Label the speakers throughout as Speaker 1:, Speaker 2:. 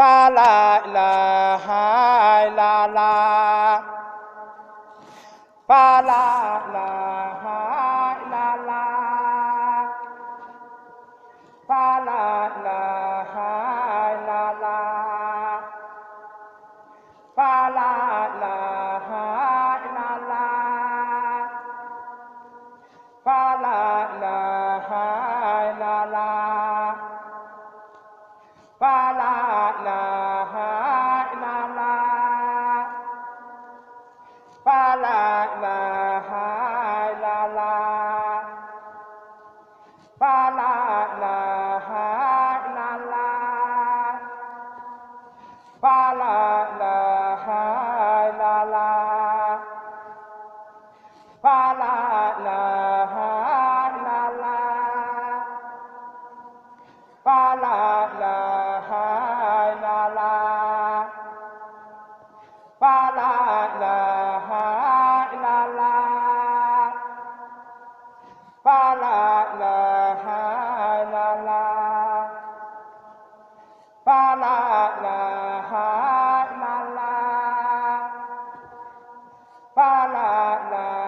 Speaker 1: ba la ilaha illa la ba la la la la la fa la la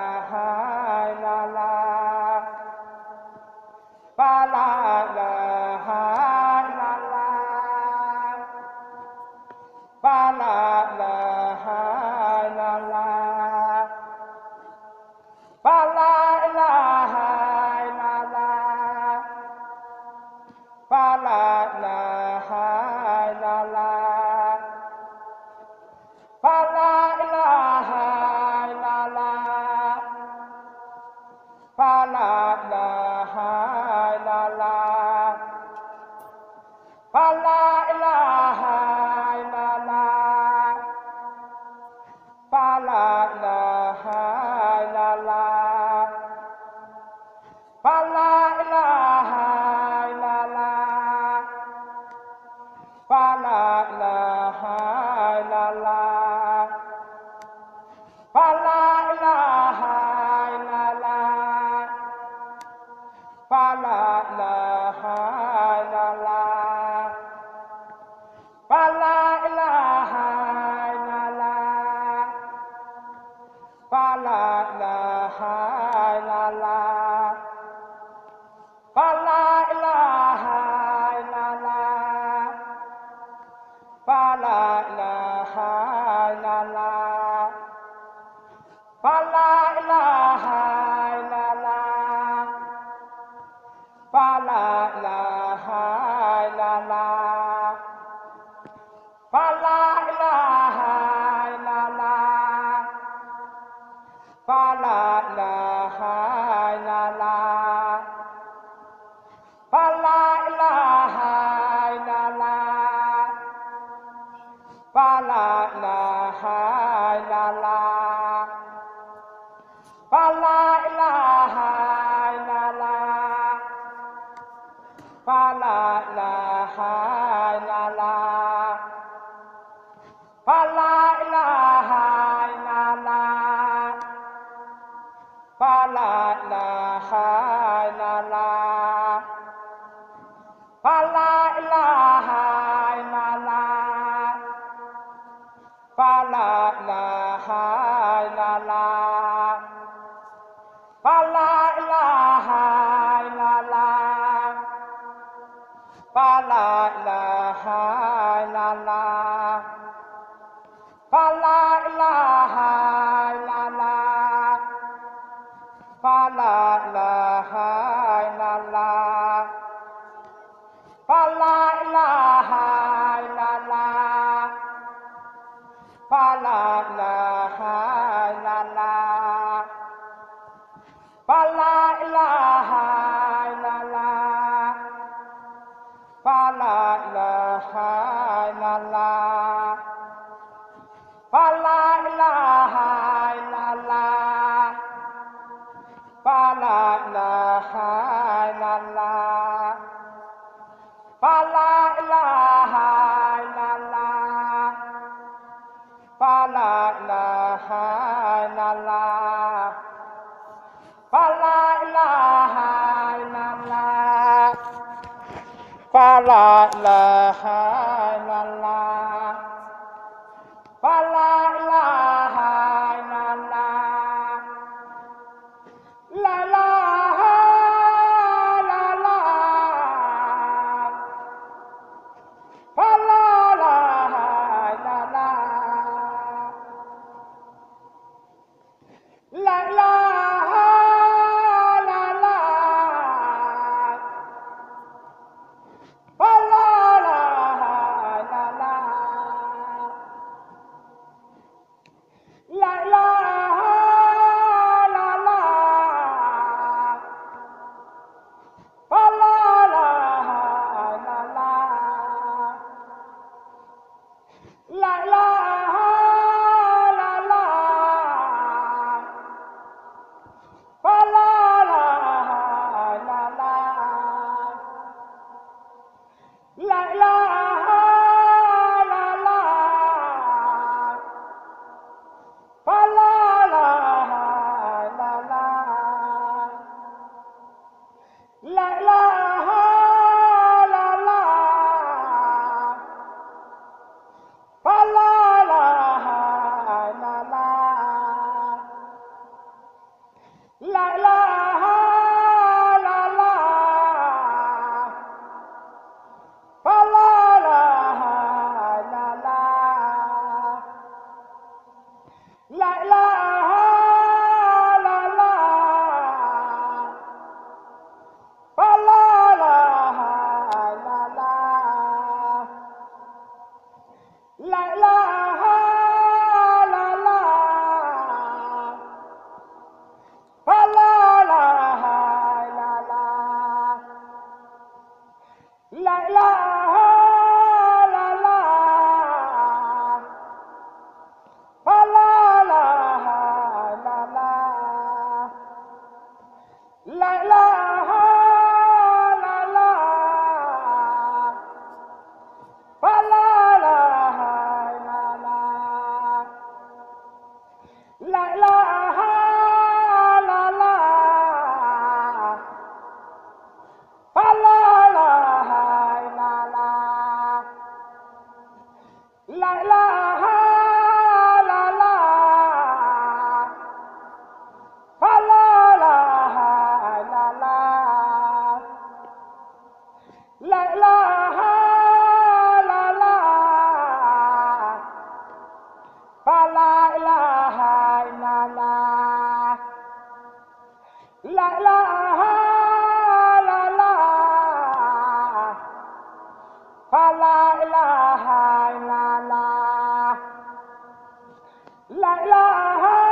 Speaker 1: Falar la La ilaha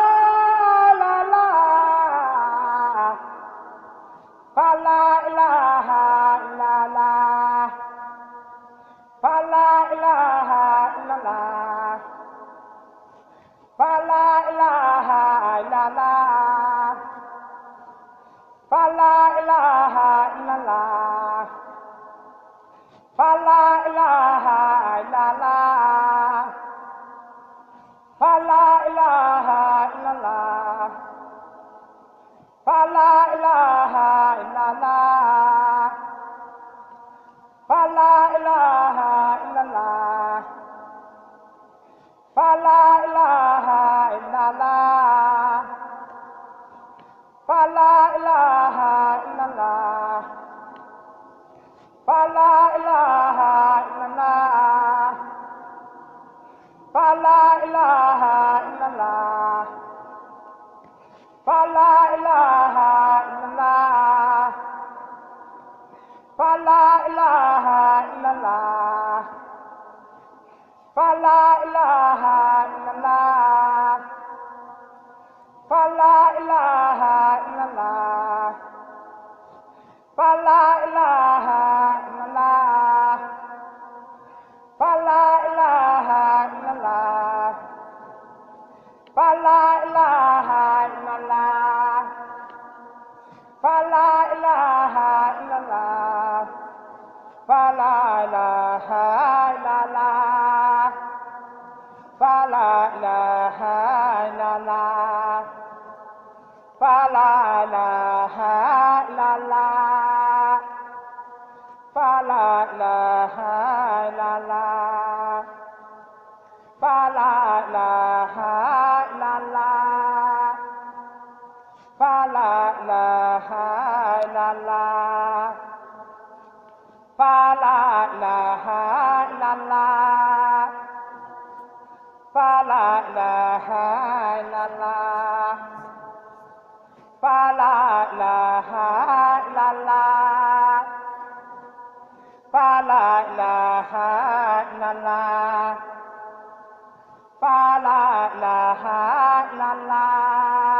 Speaker 1: la la la la la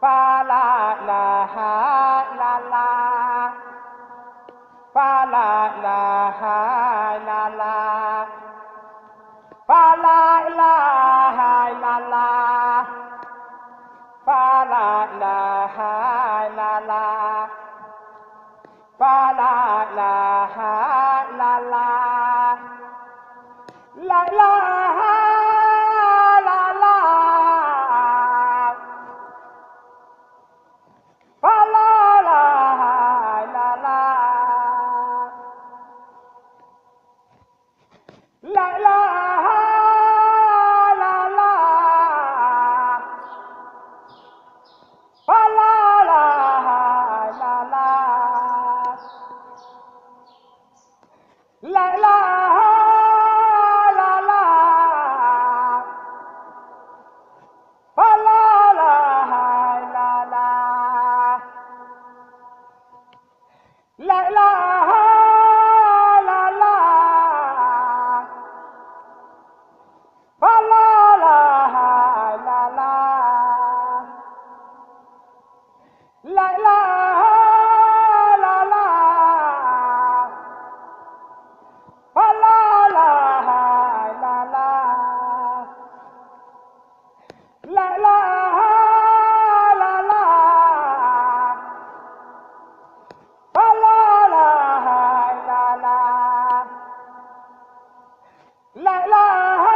Speaker 1: fa la la 来了。la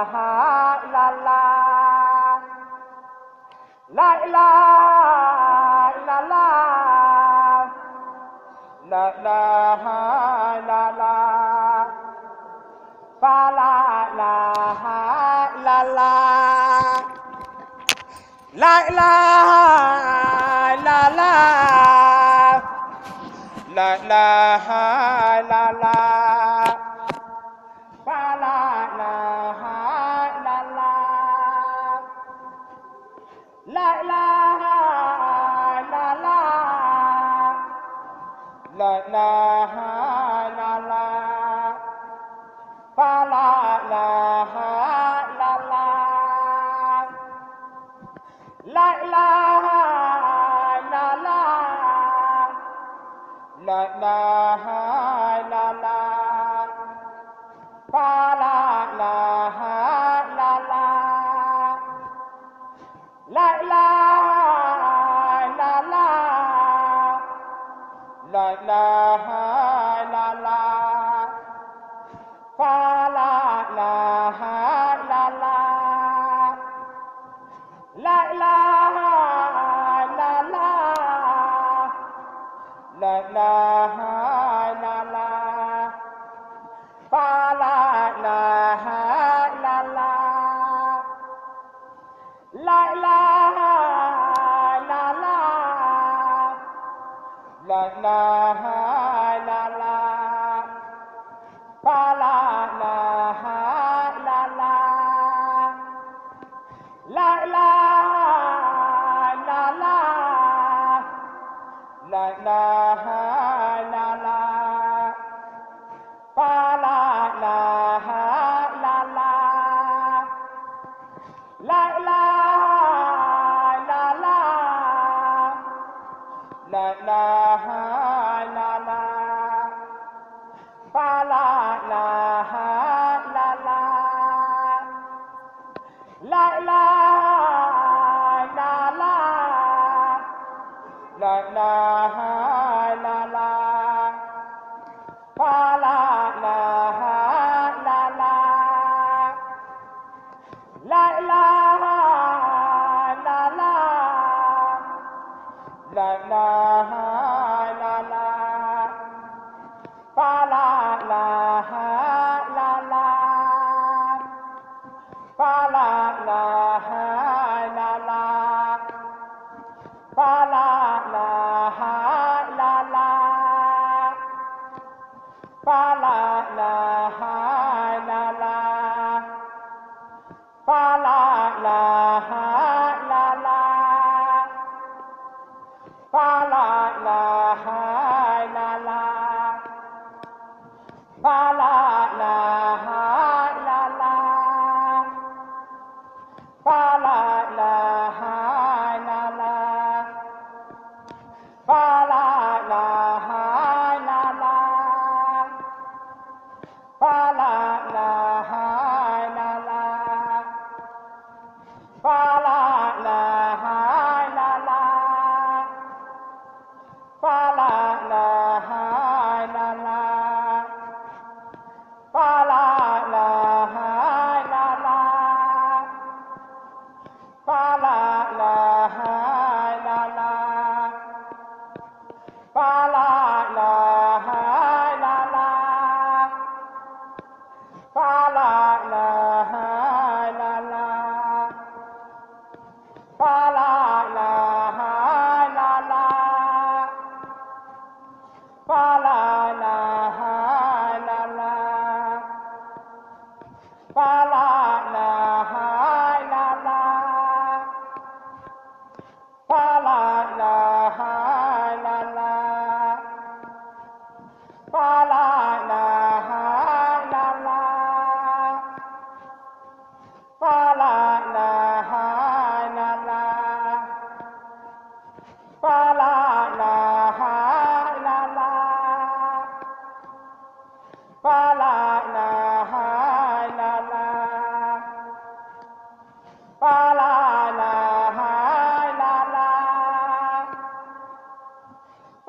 Speaker 1: la la ilaha la la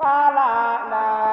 Speaker 1: la la la.